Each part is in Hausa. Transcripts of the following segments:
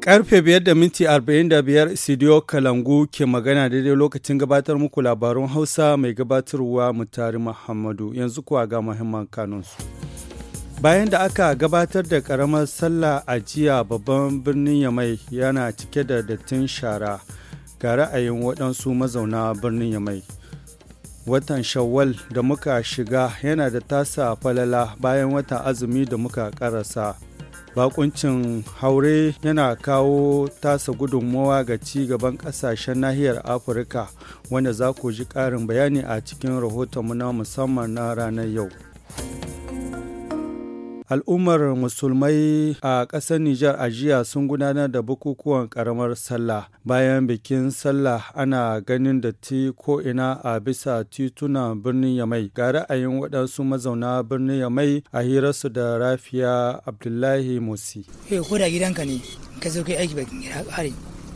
Karfe biyar da minti arba'in da biyar studio Kalangu ke magana daidai lokacin gabatar muku labarun Hausa mai gabatarwa Mutari Muhammadu yanzu kuwa ga muhimman kanunsu. Bayan da aka gabatar da ƙaramar sallah a jiya babban birnin Yamai yana cike da dattin shara ga ra'ayin waɗansu mazauna birnin Yamai. watan shawwal da muka shiga yana da tasa falala bayan watan azumi da muka karasa bakuncin haure yana kawo tasa gudunmowa ga ci gaban kasashen nahiyar afirka wanda za ku ji karin bayani a cikin rahotonmu na musamman na ranar yau Al'ummar musulmai a ƙasar Nijar a jiya sun gudanar da bukukuwan ƙaramar sallah. Bayan bikin sallah ana ganin datti ina a bisa tituna birnin Yamai. Ga ra'ayin waɗansu mazauna birnin Yamai a hirarsu da Rafiya Abdullahi Musi. Eh, ko da gidanka ne, ka zo kai aiki bakin gida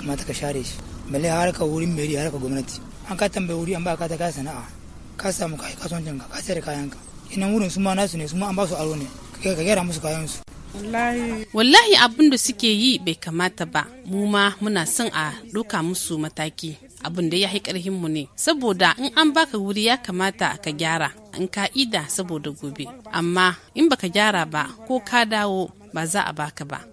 kuma ta ka share shi. balle har ka wurin meri har ka gwamnati an ka tambayi wuri an ba ka ta kaya sana'a ka samu kai kasuwancin ka ka sayar kayan ka ina wurin su ma nasu ne su ma an ba su aro ne ka gyara musu kayansu wallahi abin da suke yi bai kamata ba mu ma muna son a doka musu mataki abin da ya yi karhin mu ne saboda in an baka wuri ya kamata ka gyara in ka ida saboda gobe amma in baka gyara ba ko ka dawo ba za a baka ba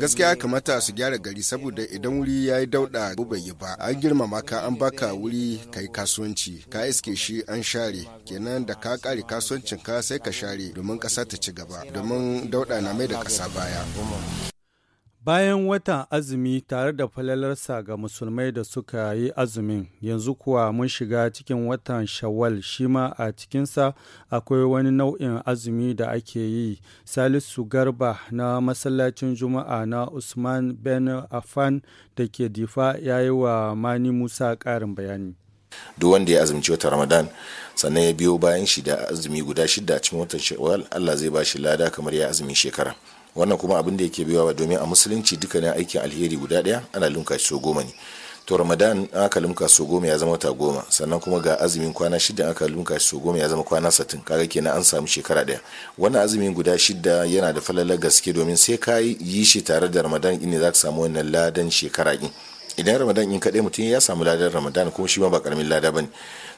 gaskiya kamata su gyara gari saboda idan wuri ya yi dauɗa bai yi ba an girmama ka an baka wuri ka yi kasuwanci ka iske shi an share kenan da ka kare kasuwancin ka sai ka share domin ƙasa ta ci gaba domin dauɗa na mai da ƙasa baya Bayan watan azumi tare da falalarsa ga musulmai da suka yi azumin, yanzu kuwa mun shiga cikin watan Shawwal shi ma a cikinsa akwai wani nau'in azumi da ake yi. Salisu Garba na masallacin Juma'a na Usman Ben Affan da ke difa ya yi wa Mani Musa ƙarin bayani. duk wanda ya azumci wata ramadan sannan ya biyo bayan shi da azumi guda shida a cikin watan shawwal Allah zai ba shi lada kamar ya azumi shekara wannan kuma abin da yake biyawa domin a musulunci duka ne aikin alheri guda daya ana lunka so goma ne to ramadan aka lumka so goma ya zama wata goma sannan kuma ga azumin kwana shida aka lumka so goma ya zama kwana satin kaga kenan an samu shekara daya wannan azumin guda shida yana da falalar gaske domin sai ka yi shi tare da ramadan inda za ka samu wannan ladan shekara ɗin idan ramadan in kaɗai mutum ya samu ladar ramadan kuma shi ma ba karamin lada ba ne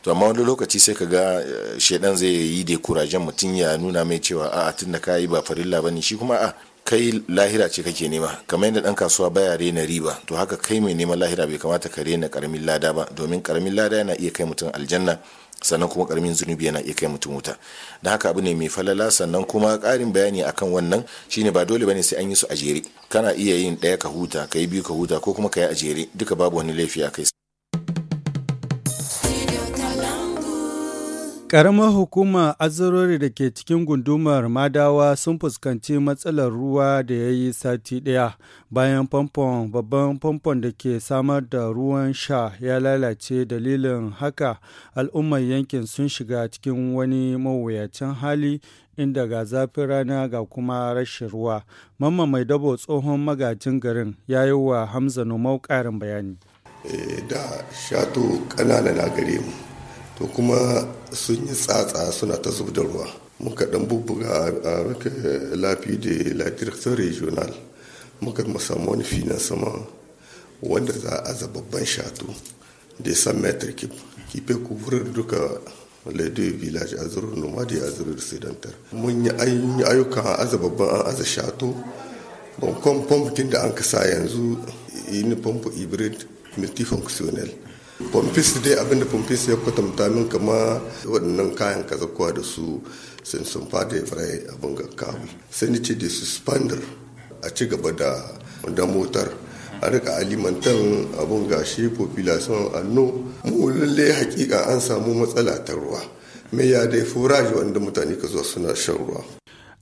to amma wani lokaci sai ka ga eh, shedan zai yi da kurajen mutum ya nuna mai cewa a tun da kayi ba farilla ne shi kuma a kai lahira ce kake nema kamar yadda dan kasuwa baya rena riba to haka kai mai neman lahira bai kamata ka rena karamin lada ba domin karamin lada yana iya kai mutum aljanna sannan kuma karamin zunubi yana iya kai mutum wuta da haka abu ne mai falala sannan kuma karin bayani akan wannan shine ba dole bane sai an yi su a jere kana iya yin ɗaya ka huta ka yi biyu ka huta ko kuma ka yi a jere duka babu wani laifi a kai Ƙaramar hukuma, azurori da ke cikin gundumar Madawa sun fuskanci matsalar ruwa da ya yi sati ɗaya bayan famfon babban famfon da ke samar da ruwan sha ya lalace dalilin haka al'ummar yankin sun shiga cikin wani mawuyacin hali inda ga zafin rana ga kuma rashin ruwa. Mamma mai dabo tsohon magajin garin ya yi wa Hamza Numau ƙarin bayani. Eh, da shato kanana, na gare mu. to kuma sun yi tsatsa suna ta zub da ruwa muka dan bubbuga a muka lafi da la director regional muka samu wani finan sama wanda za a aza babban shato da san metar kip kife kuburar duka laidoyi village azurur nomadi azurur sedentar mun yi ayyuka a aza babban an aza shato bankon famfin da an kasa yanzu yi ni famfo hybrid multifunctional Pompis dai abinda Pompis ya kwatanta min kama waɗannan kayan kazakuwa da su sun sun fada fara abin ga Sai ni ce da suspender a ci gaba da motar a rika alimantan abun gashi population anno mu lalle hakika an samu matsala ta ruwa me ya dai furaji wanda mutane ka zuwa suna shan ruwa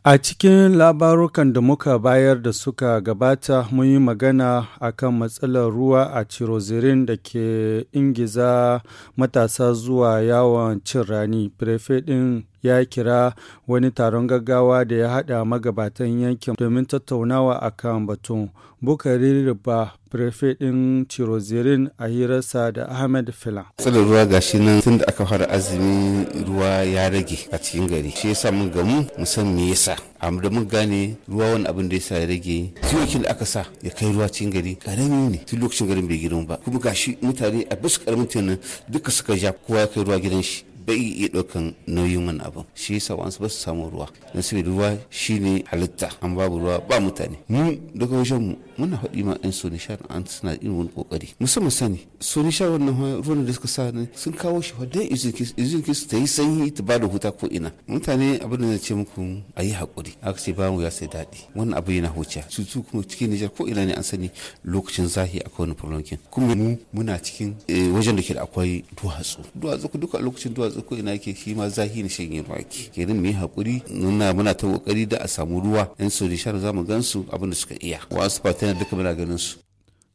A cikin labarukan da muka bayar da suka gabata mun yi magana akan matsalar ruwa a cirozirin da ke ingiza matasa zuwa yawon cin rani. Prefet ɗin ya kira wani taron gaggawa da ya haɗa magabatan yankin domin tattaunawa a kan batun. Bukari Riba, prefe ɗin Cirozirin a hirarsa da Ahmed Fila. matsalar ruwa ga shi nan tun da aka fara azumi ruwa ya rage a cikin gari. Shi yasa mun gamu mu san me yasa. amma da mun gane ruwa wani abin da yasa ya rage tuyokin da aka sa ya kai ruwa cikin gari karami ne tun lokacin garin bai girma ba kuma gashi mutane a basu karamin tunan duka suka ja kowa ya kai ruwa gidan shi bai iya ɗaukan nauyin wani abu. shi yasa wasu ba su samu ruwa don sai ruwa shi ne halitta an babu ruwa ba mutane mu daga wajen mu muna haɗi ma ɗan sonishar an suna yin wani ƙoƙari musamman sani sonishar wannan ruwan da suka sa sun kawo shi fa dan izinki su ta yi sanyi ta ba da huta ko ina mutane abin da na ce muku a yi haƙuri aka ce ba mu ya sai daɗi wannan abu yana huciya su kuma cikin nijar ko ina ne an sani lokacin zahi akwai wani problem kuma mu muna cikin eh, wajen da ke da akwai duwatsu duwatsu duka lokacin duwatsu matsi ko ina yake shi ma zahi ne shan yin wake kenan mu yi hakuri muna muna ta kokari da a samu ruwa yan sojishar za mu gan su abin da suka iya fata fatan duka muna ganin su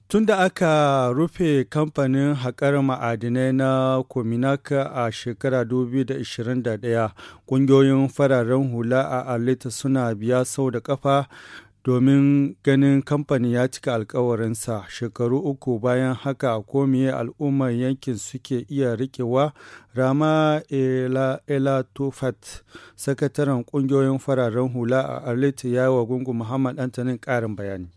Tun da aka rufe kamfanin haƙar ma'adinai na Kominaka a shekara 2021, ƙungiyoyin fararen hula a Alita suna biya sau da ƙafa domin ganin kamfani ya cika alkawarinsa shekaru uku bayan haka komiye al'ummar yankin suke iya rikewa rama elatofat sakataren kungiyoyin fararen hula a arlit wa gungun muhammad antanin ƙarin bayani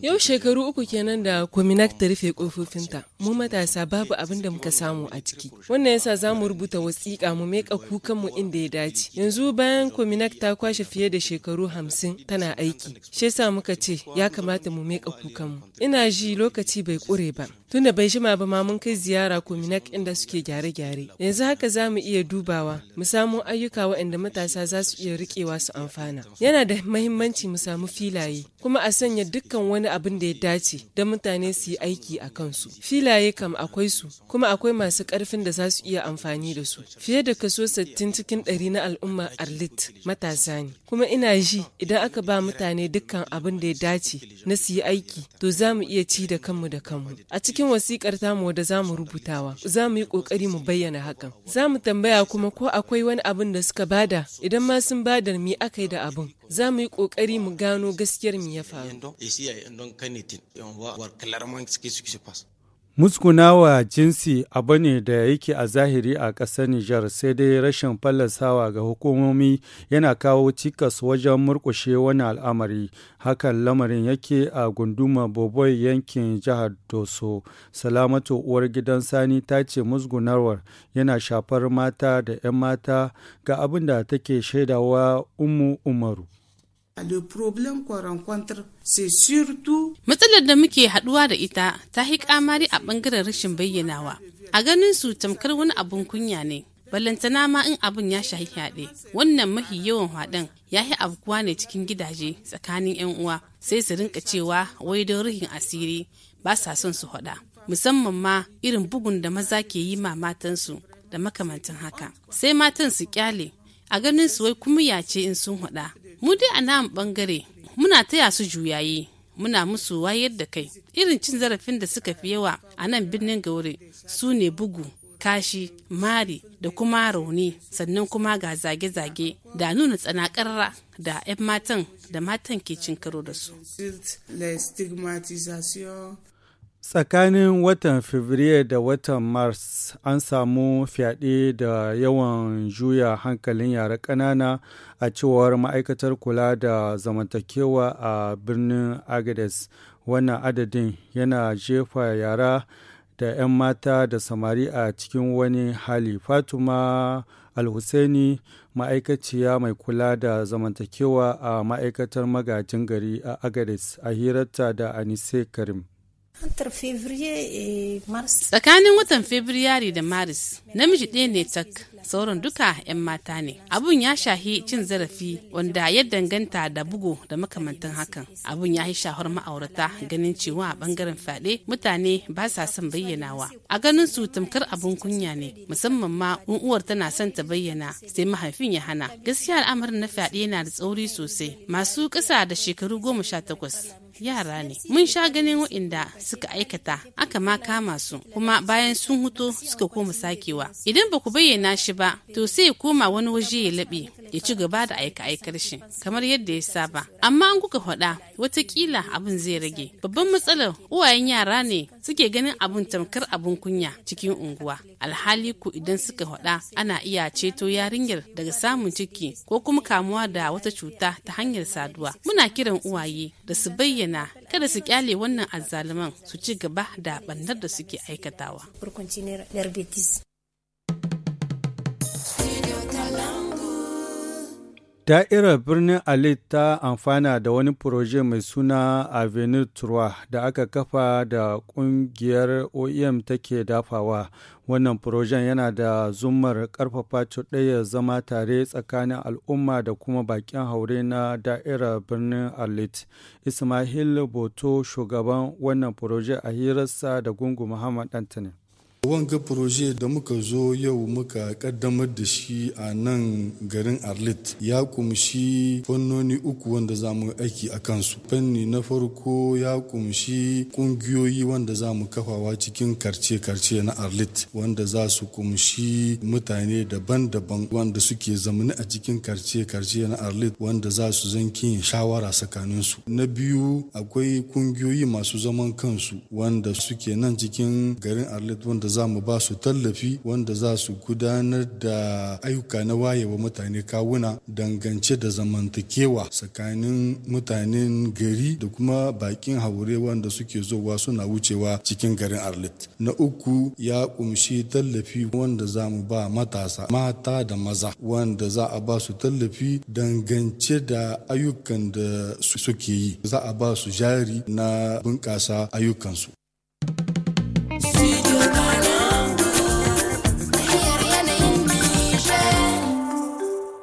Yau shekaru uku kenan da Kominak ta rufe kofofinta, mu matasa babu abin da muka samu a ciki. Wannan yasa za mu rubuta wasiƙa mu meka mu inda ya dace. Yanzu bayan Kominak ta kwashe fiye da shekaru hamsin tana aiki, shi yasa muka ce ya kamata mu meka mu Ina ji lokaci bai ƙure ba, Tunda bai shima ba ma mun kai ziyara Kuminak inda suke gyare-gyare. Yanzu haka za mu iya dubawa, mu samu ayyuka waɗanda matasa za su iya riƙewa su amfana. Yana da mahimmanci mu samu filaye, kuma a sanya dukkan wani abin da ya dace don mutane su yi aiki a kansu. Filaye kam akwai su, kuma akwai masu ƙarfin da za su iya amfani da su. Fiye da kaso sittin cikin ɗari na al'umma Arlit matasa ne. Kuma ina ji idan aka ba mutane dukkan abin da ya dace na su yi aiki, to za mu iya ci da kanmu da kanmu. A cikin cikin wasikar tamu da za mu rubutawa za mu yi ƙoƙari mu bayyana hakan za mu tambaya kuma ko akwai wani abin da suka bada idan ma sun bada mi aka yi da abin za mu yi ƙoƙari mu gano gaskiyar mi ya faru Musgunawa jinsi abu ne da yake a zahiri a ƙasar Nijar sai dai rashin fallasawa ga hukumomi yana kawo cikas wajen murƙushe wani al'amari. Hakan lamarin yake a gunduma Boboi yankin jihar Doso. Salamatu uwar gidan Sani ta ce musgunawar yana shafar mata da 'yan mata ga abin da take shaidawa Umu Umaru. Matsalar da muke haduwa da ita ta yi kamari a bangaren rashin bayyanawa. A ganin su tamkar wani abun kunya ne. Balantana ma in abun ya shahi yaɗe. Wannan mahi yawan haɗin ya yi abkuwa ne cikin gidaje tsakanin 'yan uwa sai su rinka cewa wai don ruhin asiri ba sa son su haɗa. Musamman ma irin bugun da maza ke yi ma matansu da makamantan haka. Sai matan su kyale a ganin su wai kuma ce in sun haɗa. mu dai a nan bangare muna taya su juyayi muna musu wayar da kai irin cin zarafin da suka fi yawa a nan birnin gaure su ne bugu kashi mari da kuma rauni sannan kuma ga zage-zage da nuna tsanakarra da 'yan matan da matan ke cin karo da su Tsakanin watan Fabrairu da watan Mars an samu fyaɗe da yawan juya hankalin yara ƙanana a cewar ma'aikatar kula da zamantakewa a birnin Agades. Wannan adadin yana jefa yara da 'yan mata da samari a cikin wani hali. fatima Alhussaini ma'aikaciya mai kula da zamantakewa a ma'aikatar magajin gari a Agades a hirarta da Anise Karim. E, Tsakanin watan Fabrairu da Maris, namiji ɗaya ne tak, sauran duka 'yan mata ne. Abun ya shahi cin zarafi wanda ya danganta da bugu da makamantan hakan. Abun ya yi shahar ma'aurata ganin cewa a bangaren fyaɗe mutane ba sa son bayyanawa. A ganin su tamkar abun kunya ne, musamman ma uwar tana son ta bayyana sai mahaifin ya hana. Gaskiya al'amarin na fyaɗe yana da tsauri sosai. Masu ƙasa da shekaru goma sha takwas yara ne mun sha ganin waɗanda suka aikata aka ma kama su kuma bayan sun huto suka koma sakewa idan ba ku bayyana shi ba to sai ya koma wani waje ya laɓe ya ci gaba da aika aikar shi kamar yadda ya saba amma an kuka faɗa watakila abin zai rage babban matsalar uwayen yara ne suke ganin abun tamkar abun kunya cikin unguwa alhali ku idan suka faɗa ana iya ceto yarinyar daga samun ciki ko kuma kamuwa da wata cuta ta hanyar saduwa muna kiran uwaye da su bayyana amana kada su kyale wannan azzaluman su ci gaba da bannar da suke aikatawa. Da'irar birnin Alit ta amfana da wani furoje mai suna Avenue Trois da aka kafa da kungiyar OEM take dafawa. Wannan furojen yana da zumar karfafa cuɗaya zama tare tsakanin al'umma da kuma bakin haure na da'irar birnin Alit. Ismail Boto shugaban wannan furoje a hirarsa da Gungu Muhammad Antony. wanga proje da muka zo yau muka kaddamar da shi a nan garin arlit ya kumshi fannoni uku wanda za mu aiki a kansu fanni na farko ya kumshi kungiyoyi wanda za mu kafawa cikin karce-karce na arlit wanda za su kumshi mutane daban-daban wanda suke zamani a cikin karce-karce na arlit wanda za su zankin shawara tsakaninsu na biyu akwai kungiyoyi masu zaman kansu wanda suke nan cikin garin arlit wanda za mu ba su tallafi wanda za su gudanar da ayyuka na wayewa mutane kawuna dangance da zamantakewa tsakanin mutanen gari da kuma bakin haure wanda suke zowa suna wucewa cikin garin arlit na uku ya kumshi tallafi wanda za mu ba matasa mata da maza wanda za a ba su tallafi dangance da ayyukan da suke yi za a ba su jari na bunƙasa ayyukansu.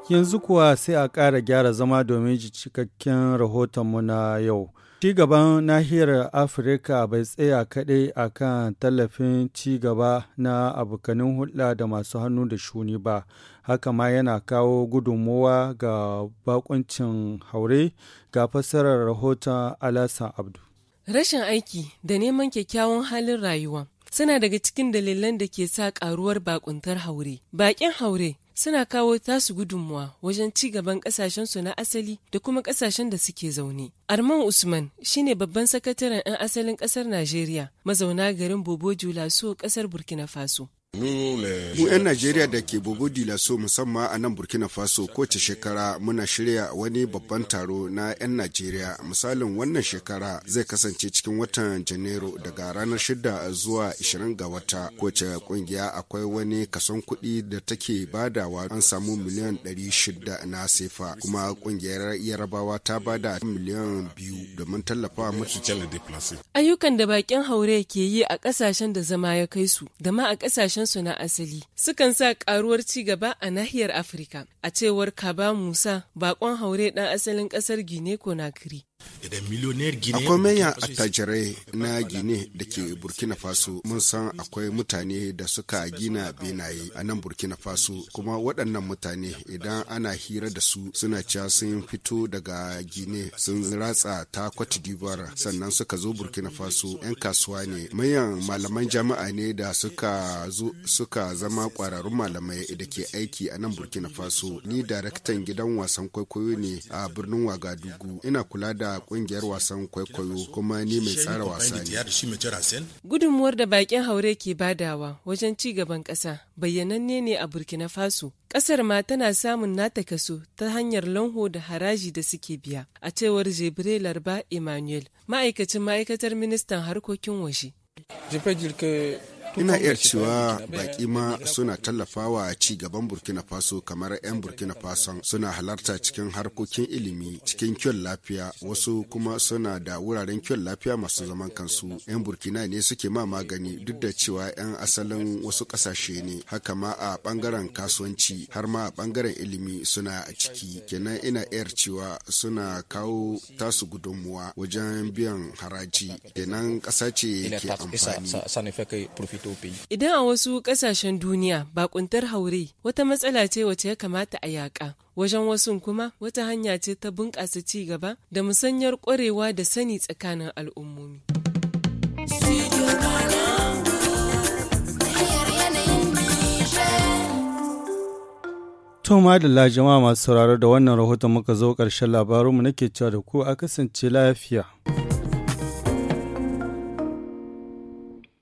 Yanzu kuwa sai a ƙara gyara zama domin ji cikakken rahotonmu na yau. Ci gaban nahiyar Afirka bai tsaya kaɗai a kan tallafin ci gaba na abokanin hulɗa da masu hannu da shuni ba, haka ma yana kawo gudunmowa ga bakuncin haure ga fassarar rahoton alasa Abdu. Rashin aiki da neman kyakkyawan halin rayuwa suna daga cikin dalilan da ke sa karuwar bakuntar haure. Bakin haure suna kawo tasu gudunmuwa wajen ci gaban kasashensu na asali da kuma kasashen da suke zaune. Arman Usman shine babban sakataren 'yan asalin kasar Najeriya mazauna garin Bobo Julaso kasar Burkina Faso. Mu 'yan Najeriya da ke Bobo Dilaso musamman a nan Burkina Faso kowace shekara muna shirya wani babban taro na 'yan Najeriya. Misalin wannan shekara zai kasance cikin watan Janairu daga ranar 6 zuwa 20 ga wata. Kowace kungiya akwai wani kason kuɗi da take badawa an samu miliyan 600 na sefa kuma kungiyar Yarabawa ta bada miliyan 2 domin tallafa Ayyukan da bakin haure ke yi a ƙasashen da zama ya kai su, da ma a ƙasashen su na asali sukan sa karuwar ci gaba a nahiyar afirka a cewar kaba musa bakon haure dan asalin kasar gine Nakiri. akwai manyan attajirai na gine da ke burkina faso mun san akwai mutane da suka gina benaye a nan burkina faso kuma waɗannan mutane idan ana hira da su suna cewa sun fito daga gine sun ratsa ta cote d'ivoire sannan suka zo burkina faso 'yan kasuwa ne manyan malaman jama'a ne da suka zama ƙwararrun malamai da ke aiki a nan burkina faso ni daraktan gidan wasan kwaikwayo ne a birnin wagadugu ina kula da da kungiyar wasan kwaikwayo kuma ni mai tsara wasa ne. Gudunmuwar da bakin haure ke badawa wajen ci gaban ƙasa bayyananne ne a Burkina Faso. Ƙasar ma tana samun nata kaso ta hanyar lanho da haraji da suke biya, a cewar Jebre Larba Emmanuel, ma'aikacin ma'aikatar ministan harkokin waje. ina iya cewa baƙi ma suna tallafawa ci gaban burkina faso kamar 'yan burkina faso suna halarta cikin harkokin ilimi cikin kyon lafiya wasu kuma suna da wuraren kyon lafiya masu zaman kansu 'yan burkina ne suke ma magani duk da cewa 'yan asalin wasu ƙasashe ne haka ma a bangaren kasuwanci har ma a bangaren ilimi suna a ciki kenan ina iya cewa suna kawo tasu gudunmuwa wajen biyan haraji kenan kasa ce ke amfani Idan a wasu ƙasashen duniya bakuntar haure wata matsala ce wace ya kamata a yaƙa. Wajen wasu kuma wata hanya ce ta bunƙasa ci gaba da musanyar ƙwarewa da sani tsakanin al'ummomi. To da jama'a masu sauraro da wannan rahoton muka zo ƙarshen labarunmu nake cewa da ku a kasance lafiya.